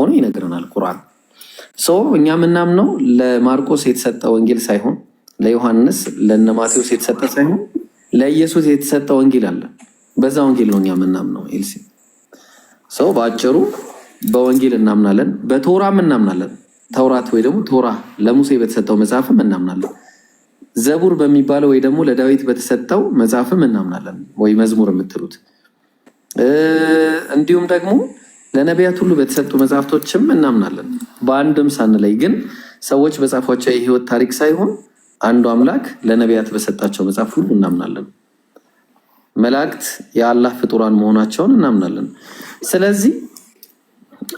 ሆኖ ይነግረናል ቁርአን። እኛ ምናምነው ለማርቆስ የተሰጠ ወንጌል ሳይሆን ለዮሐንስ ለነ ማቴዎስ የተሰጠ ሳይሆን ለኢየሱስ የተሰጠ ወንጌል አለ። በዛ ወንጌል ነው እኛ የምናምነው። ኤልሲ ሰው በአጭሩ በወንጌል እናምናለን፣ በቶራም እናምናለን። ተውራት ወይ ደግሞ ቶራ ለሙሴ በተሰጠው መጽሐፍም እናምናለን። ዘቡር በሚባለው ወይ ደግሞ ለዳዊት በተሰጠው መጽሐፍም እናምናለን፣ ወይ መዝሙር የምትሉት እንዲሁም ደግሞ ለነቢያት ሁሉ በተሰጡ መጽሐፍቶችም እናምናለን። በአንድም ሳንለይ ግን ሰዎች በጻፏቸው የህይወት ታሪክ ሳይሆን አንዱ አምላክ ለነቢያት በሰጣቸው መጽሐፍ ሁሉ እናምናለን። መላእክት የአላህ ፍጡራን መሆናቸውን እናምናለን። ስለዚህ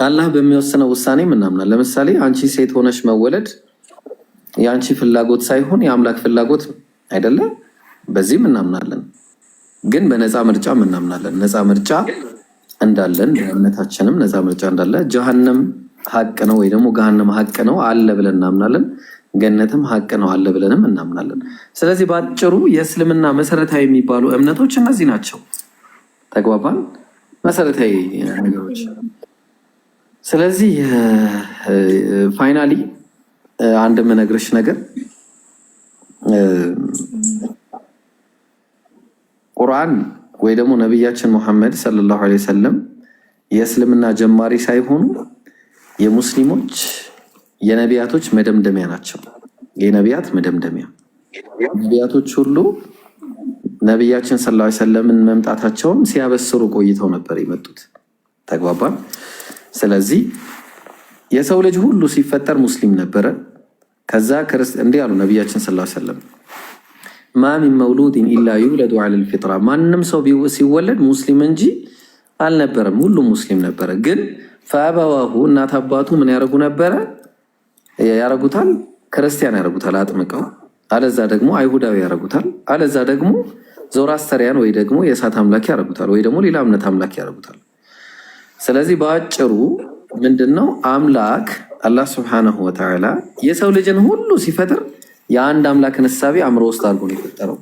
አላህ በሚወስነው ውሳኔም እናምናል። ለምሳሌ አንቺ ሴት ሆነሽ መወለድ የአንቺ ፍላጎት ሳይሆን የአምላክ ፍላጎት አይደለም። በዚህም እናምናለን፣ ግን በነፃ ምርጫም እናምናለን። ነፃ ምርጫ እንዳለን በእምነታችንም ነፃ ምርጫ እንዳለ ጀሃነም ሀቅ ነው ወይ ደግሞ ገሃነም ሀቅ ነው አለ ብለን እናምናለን። ገነትም ሀቅ ነው አለ ብለንም እናምናለን። ስለዚህ በአጭሩ የእስልምና መሰረታዊ የሚባሉ እምነቶች እነዚህ ናቸው። ተግባባን? መሰረታዊ ነገሮች። ስለዚህ ፋይናሊ አንድ የምነግርሽ ነገር ቁርአን ወይ ደግሞ ነቢያችን ሙሐመድ ሰለላሁ ዐለይሂ ወሰለም የእስልምና ጀማሪ ሳይሆኑ የሙስሊሞች የነቢያቶች መደምደሚያ ናቸው። የነቢያት መደምደሚያ ነቢያቶች ሁሉ ነቢያችን ሰለላሁ ላ ሰለምን መምጣታቸውን ሲያበስሩ ቆይተው ነበር የመጡት። ተግባባን። ስለዚህ የሰው ልጅ ሁሉ ሲፈጠር ሙስሊም ነበረ። ከዛ እንዲህ አሉ ነቢያችን ሰለላሁ ዐለይሂ ማሚ መውሉድን ኢላ ዩውለዱ ዐለል ፊጥራ ማንም ሰው ሲወለድ ሙስሊም እንጂ አልነበረም። ሁሉም ሙስሊም ነበረ። ግን ፈአበዋሁ እናት አባቱ ምን ያደርጉ ነበረ? ያረጉታል፣ ክርስቲያን ያረጉታል አጥምቀው፣ አለዛ ደግሞ አይሁዳዊ ያረጉታል፣ አለዛ ደግሞ ዞራስተሪያን ወይ ደግሞ የእሳት አምላክ ያረጉታል፣ ወይ ደግሞ ሌላ እምነት አምላክ ያረጉታል። ስለዚህ በአጭሩ ምንድነው አምላክ አላህ ስብሐነሁ ወተዓላ የሰው ልጅን ሁሉ ሲፈጥር የአንድ አምላክ እሳቤ አእምሮ ውስጥ አድርጎ ነው የፈጠረው።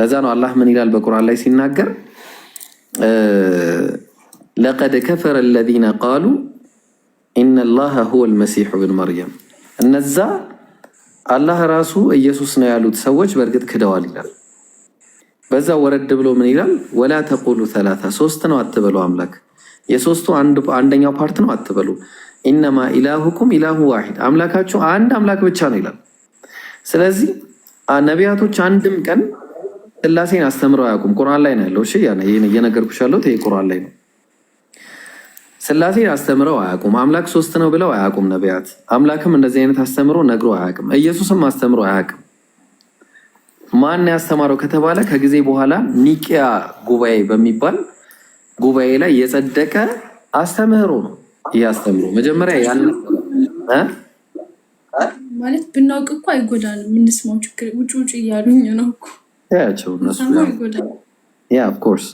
ለዛ ነው አላህ ምን ይላል በቁርአን ላይ ሲናገር ለቀድ ከፈረ ለዚነ ቃሉ ኢነላሃ ሁወል መሲሑ ብን መርየም፣ እነዛ አላህ ራሱ ኢየሱስ ነው ያሉት ሰዎች በእርግጥ ክደዋል ይላል። በዛ ወረድ ብሎ ምን ይላል? ወላ ተቁሉ ተላታ፣ ሶስት ነው አትበሉ። አምላክ የሶስቱ አንደኛው ፓርት ነው አትበሉ። ኢነማ ኢላሁኩም ኢላሁ ዋሂድ፣ አምላካችሁ አንድ አምላክ ብቻ ነው ይላል። ስለዚህ ነቢያቶች አንድም ቀን ስላሴን አስተምረው አያውቁም። ቁርአን ላይ ነው ያለው። እሺ እየነገርኩሽ ያለሁት ይሄ ቁርአን ላይ ነው። ስላሴን አስተምረው አያውቁም። አምላክ ሶስት ነው ብለው አያውቁም ነቢያት። አምላክም እንደዚህ አይነት አስተምሮ ነግሮ አያውቅም። ኢየሱስም አስተምሮ አያውቅም። ማን ያስተማረው ከተባለ ከጊዜ በኋላ ኒቅያ ጉባኤ በሚባል ጉባኤ ላይ የጸደቀ አስተምህሮ ነው። ይህ አስተምሮ መጀመሪያ ያለ ማለት ብናውቅ እኮ አይጎዳንም። የምንስማው ችግር ውጭ ውጭ እያሉኝ ነው እኮ ያቸው እነሱ ያ ኦፍኮርስ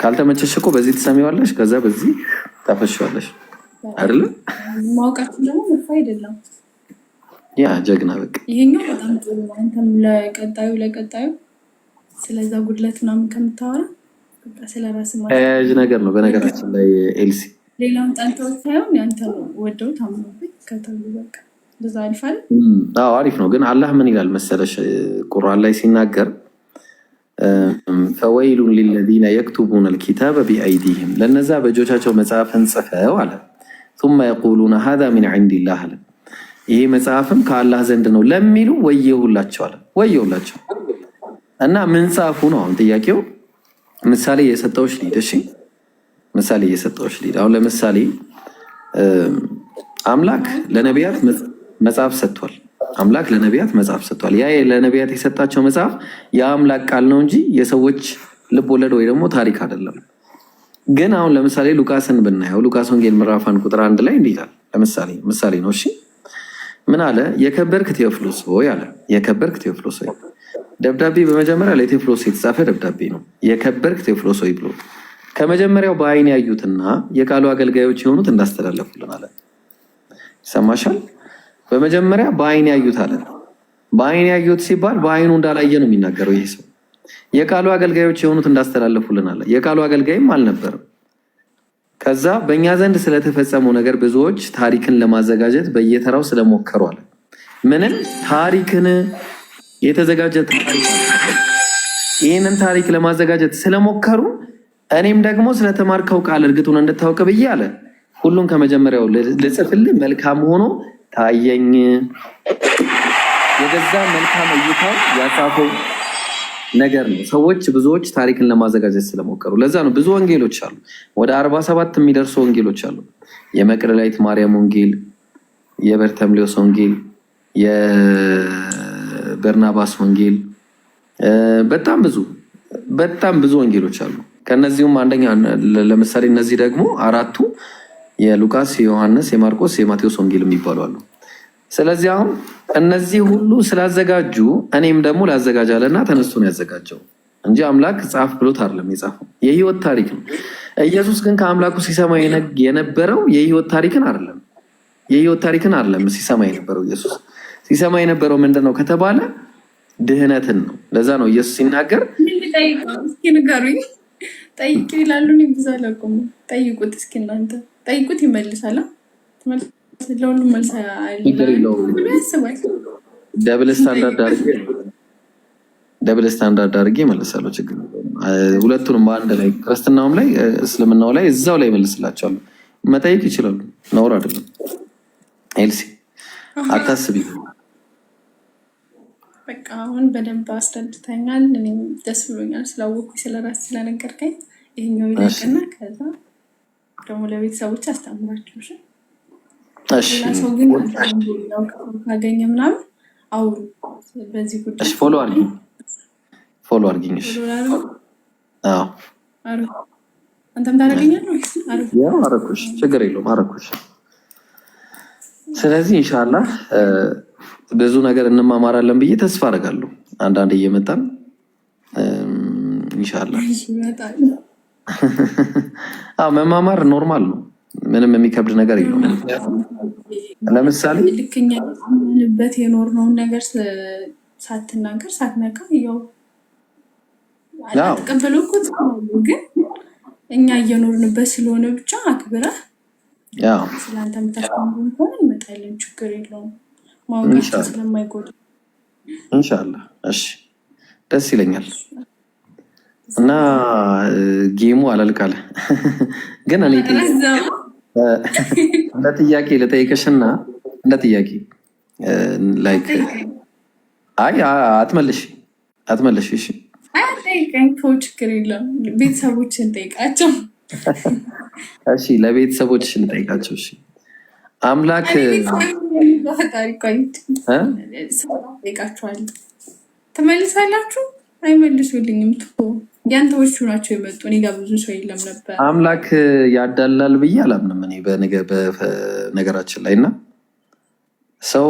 ካልተመቸሽ እኮ በዚህ ትሰሚዋለሽ፣ ከዛ በዚህ ታፈሽዋለሽ አይደለ? ማውቃችሁ ደግሞ መፋ አይደለም። ያ ጀግና በቃ ይሄኛው በጣም ጥሩ ነው። አንተም ለቀጣዩ ለቀጣዩ ስለዛ ጉድለት ምናምን ከምታወራ ስለራስ ተያያዥ ነገር ነው። በነገራችን ላይ ኤልሲ ሌላውን ጠልተው ሳይሆን ያንተ ወደው ታምኖብኝ ከተሉ በቃ አሪፍ ነው። ግን አላህ ምን ይላል መሰለሽ ቁርአን ላይ ሲናገር ፈወይሉን ሊለዚነ የክቱቡን አልኪታበ ቢአይዲህም ለነዛ በእጆቻቸው መጽሐፍን ጽፈው አለ ثم يقولون هذا من عند አለ ይሄ መጽሐፍም ከአላህ ዘንድ ነው ለሚሉ ወየሁላቸው አለ ወየሁላቸው እና ምን ጻፉ ነው አሁን ጥያቄው። ምሳሌ እየሰጠሁሽ ልሂድ። እሺ ምሳሌ እየሰጠሁሽ ልሂድ። አሁን ለምሳሌ አምላክ ለነቢያት መጽሐፍ ሰጥቷል። አምላክ ለነቢያት መጽሐፍ ሰጥቷል። ያ ለነቢያት የሰጣቸው መጽሐፍ የአምላክ ቃል ነው እንጂ የሰዎች ልብ ወለድ ወይ ደግሞ ታሪክ አይደለም። ግን አሁን ለምሳሌ ሉቃስን ብናየው ሉቃስ ወንጌል ምዕራፍ አንድ ቁጥር አንድ ላይ እንዲህ ይላል። ለምሳሌ ምሳሌ ነው። እሺ ምን አለ? የከበርክ ቴዎፍሎስ ሆይ አለ። የከበርክ ቴዎፍሎስ ሆይ። ደብዳቤ በመጀመሪያ ለቴዎፍሎስ የተጻፈ ደብዳቤ ነው። የከበርክ ቴዎፍሎስ ሆይ ብሎ ከመጀመሪያው በአይን ያዩትና የቃሉ አገልጋዮች የሆኑት እንዳስተላለፉልን አለ። ይሰማሻል በመጀመሪያ በአይን ያዩት አለ። በአይን ያዩት ሲባል በአይኑ እንዳላየ ነው የሚናገረው ይህ ሰው። የቃሉ አገልጋዮች የሆኑት እንዳስተላለፉልን አለ። የቃሉ አገልጋይም አልነበርም። ከዛ በእኛ ዘንድ ስለተፈጸመው ነገር ብዙዎች ታሪክን ለማዘጋጀት በየተራው ስለሞከሩ አለ። ምንም ታሪክን የተዘጋጀ ታሪክ ይህንን ታሪክ ለማዘጋጀት ስለሞከሩ እኔም ደግሞ ስለተማርከው ቃል እርግጡን እንድታውቅ ብዬ አለ ሁሉን ከመጀመሪያው ልጽፍልህ መልካም ሆኖ ታየኝ። የገዛ መልካም እይታ ያጻፈው ነገር ነው። ሰዎች ብዙዎች ታሪክን ለማዘጋጀት ስለሞከሩ ለዛ ነው። ብዙ ወንጌሎች አሉ። ወደ አርባ ሰባት የሚደርሱ ወንጌሎች አሉ። የመቅደላዊት ማርያም ወንጌል፣ የበርተምሌዎስ ወንጌል፣ የበርናባስ ወንጌል፣ በጣም ብዙ በጣም ብዙ ወንጌሎች አሉ። ከነዚሁም አንደኛ ለምሳሌ እነዚህ ደግሞ አራቱ የሉቃስ፣ የዮሐንስ፣ የማርቆስ፣ የማቴዎስ ወንጌል የሚባሉ አሉ። ስለዚህ አሁን እነዚህ ሁሉ ስላዘጋጁ እኔም ደግሞ ላዘጋጃለና ተነስቶ ነው ያዘጋጀው እንጂ አምላክ ጻፍ ብሎት አይደለም የጻፈው የህይወት ታሪክ ነው። ኢየሱስ ግን ከአምላኩ ሲሰማ የነበረው የህይወት ታሪክን አይደለም የህይወት ታሪክን አይደለም ሲሰማ የነበረው ኢየሱስ ሲሰማ የነበረው ምንድን ነው ከተባለ ድህነትን ነው። ለዛ ነው ኢየሱስ ሲናገር ጠይቁ ይላሉ። ብዙ ጠይቁት እስኪ እናንተ ጠይቁት ይመልሳል። ለሁሉም መልስ ደብል ስታንዳርድ አድርጌ ደብል ስታንዳርድ አድርጌ ችግር ሁለቱንም በአንድ ላይ ክርስትናውም ላይ እስልምናው ላይ እዛው ላይ ይመልስላቸዋሉ። መጠየቅ ይችላሉ። ነውር አይደለም። ኤልሲ አታስቢ። በቃ አሁን በደንብ አስረድተኛል። እኔም ደስ ብሎኛል ስላወኩኝ ስለራስ ስለነገርከኝ ይሄኛው ይለቅና ከዛ ደግሞ ለቤተሰቦች አስተምራቸው። ሰው ግን ካገኘ ምናምን አሁን በዚህ ጉዳይ ፎሎ አድርጊኝ፣ ፎሎ አድርጊኝ። አንተም ታደርገኛለህ። አረኩሽ፣ ችግር የለውም አረኩሽ። ስለዚህ ኢንሻላህ ብዙ ነገር እንማማራለን ብዬ ተስፋ አደርጋለሁ። አንዳንድ እየመጣን ኢንሻላህ መማማር ኖርማል ነው። ምንም የሚከብድ ነገር የለውም። ለምሳሌ ልክኛ በት የኖርነውን ነገር ሳትናገር ሳትነካ ያው አትቀበለው እኮ ግን እኛ እየኖርንበት ስለሆነ ብቻ አክብረህ ስለአንተ የምታስቀምጡን ከሆነ እንመጣለን። ችግር የለውም። ማወቃቸው ስለማይጎዳ እንሻላ። እሺ፣ ደስ ይለኛል። እና ጌሙ አላልቃለ ግን እኔ እንደ ጥያቄ ልጠይቅሽና እንደ ጥያቄ ላይክ አይ አትመልሽ አትመልሽ። እሺ ችግር የለም ቤተሰቦች እንጠይቃቸው። እሺ ለቤተሰቦች እንጠይቃቸው። እሺ አምላክ ተመልሳላችሁ ትመልሳላችሁ አይመልሱልኝም ት ያንተዎቹ ናቸው የመጡ። እኔ ጋር ብዙ ሰው የለም ነበር። አምላክ ያዳላል ብዬ አላምንም እኔ በነገራችን ላይ እና ሰው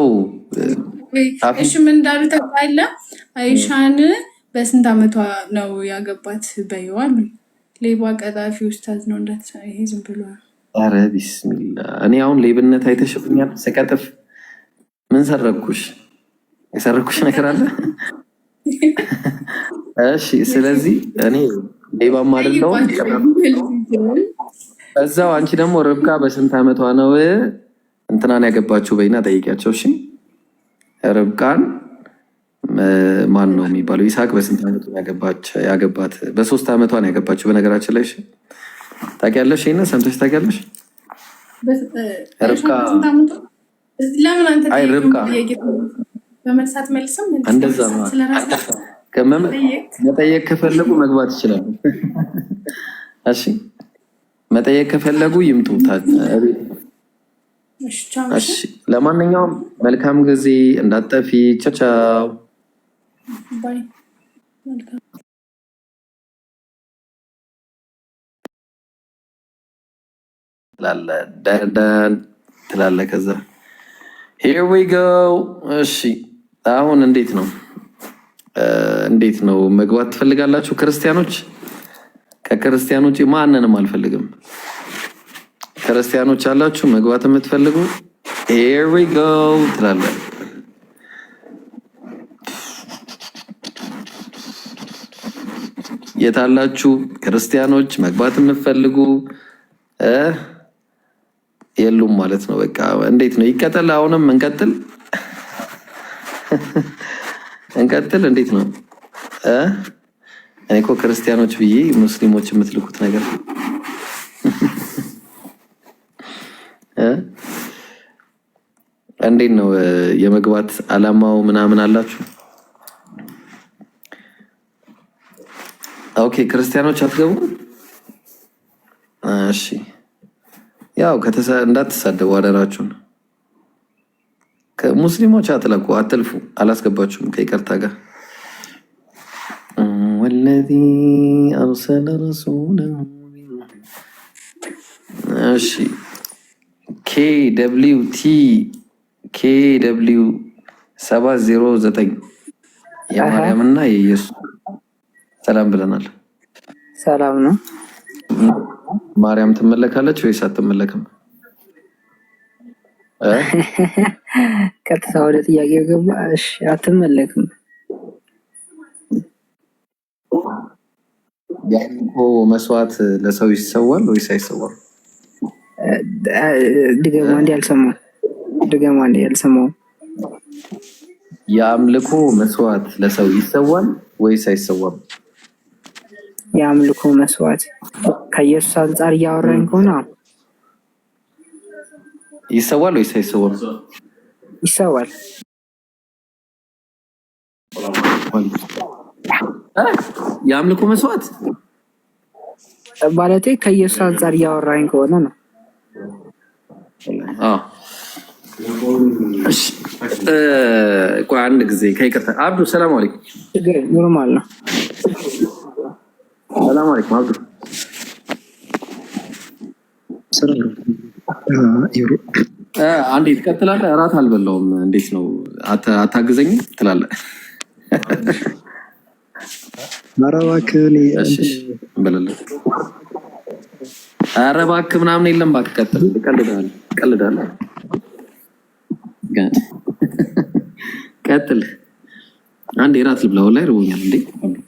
እሽም እንዳሉ ተባለ። አይሻን በስንት ዓመቷ ነው ያገባት? በይዋል ሌባ ቀጣፊ ውስታዝ ነው እንዳት ይሄ ዝም ብሏል። ኧረ ቢስሚላ እኔ አሁን ሌብነት አይተሽኛል። ስቀጥፍ ምን ሰረኩሽ? የሰረኩሽ ነገር አለ እሺ ስለዚህ እኔ ሌባ አይደለሁም። እዛው አንቺ ደግሞ ርብቃ በስንት ዓመቷ ነው እንትናን ያገባችው በይና ጠይቂያቸው። እሺ ርብቃን ማን ነው የሚባለው? ይስሐቅ በስንት ዓመቱ ያገባት? በሶስት ዓመቷ ነው ያገባችው። በነገራችን ላይ ታውቂያለሽ፣ ይህንን ሰምተሽ ታውቂያለሽ? ርብቃ ርብቃ እንደዛ ነው መጠየቅ ከፈለጉ መግባት ይችላሉ። እሺ መጠየቅ ከፈለጉ ይምጡ። እሺ ለማንኛውም መልካም ጊዜ እንዳጠፊ። ቻው ቻው። ትላለ ከዛ ሄር ዊ ጎ። እሺ አሁን እንዴት ነው? እንዴት ነው መግባት ትፈልጋላችሁ? ክርስቲያኖች ከክርስቲያን ውጭ ማንንም አልፈልግም። ክርስቲያኖች አላችሁ መግባት የምትፈልጉ ሄር ዊ ጎ ትላለ የታላችሁ ክርስቲያኖች መግባት የምትፈልጉ የሉም ማለት ነው። በቃ እንዴት ነው ይቀጠል? አሁንም እንቀጥል። እንቀጥል። እንዴት ነው? እኔ እኮ ክርስቲያኖች ብዬ ሙስሊሞች የምትልኩት ነገር እንዴት ነው? የመግባት አላማው ምናምን አላችሁ? ኦኬ ክርስቲያኖች አትገቡም? እሺ ያው እንዳትሳደቡ አደራችሁን። ከሙስሊሞች አትለቁ አትልፉ፣ አላስገባችሁም ከይቅርታ ጋር ወለዚ አርሰለ ረሱለሁ። ኬ ደብሊው ቲ ኬ ደብሊው ሰባት ዜሮ ዘጠኝ የማርያምና የኢየሱስ ሰላም ብለናል። ሰላም ነው። ማርያም ትመለካለች ወይስ አትመለክም? ቀጥታ ወደ ጥያቄው ገባ። እሺ አትመለክም። የአምልኮ መስዋዕት ለሰው ይሰዋል ወይስ አይሰዋል? ድገማ እንዲ ያልሰማው ድገማ እንዲ ያልሰማው የአምልኮ መስዋዕት ለሰው ይሰዋል ወይስ አይሰዋም? የአምልኮ መስዋዕት ከኢየሱስ አንጻር እያወራኝ ከሆነ ይሰዋል ወይስ አይሰዋም? ይሰዋል። የአምልኮ መስዋዕት ማለት ከኢየሱስ አንጻር እያወራኝ ከሆነ ነው። አንድ ጊዜ ከይቅርታ አብዱ፣ ሰላም አለይኩም። ኖርማል ነው። ሰላም አለይኩም አብዱ። ሰላም አንዴ ትቀጥላለህ። እራት አልበላውም። እንዴት ነው አታግዘኝም? ትላለህ። ኧረ እባክህ ኧረ እባክህ ምናምን የለም። እባክህ ቀጥል። ቀልዳለህ። ቀጥል። አንዴ እራት ልብላ። ወላሂ ርቦኛል እንዴ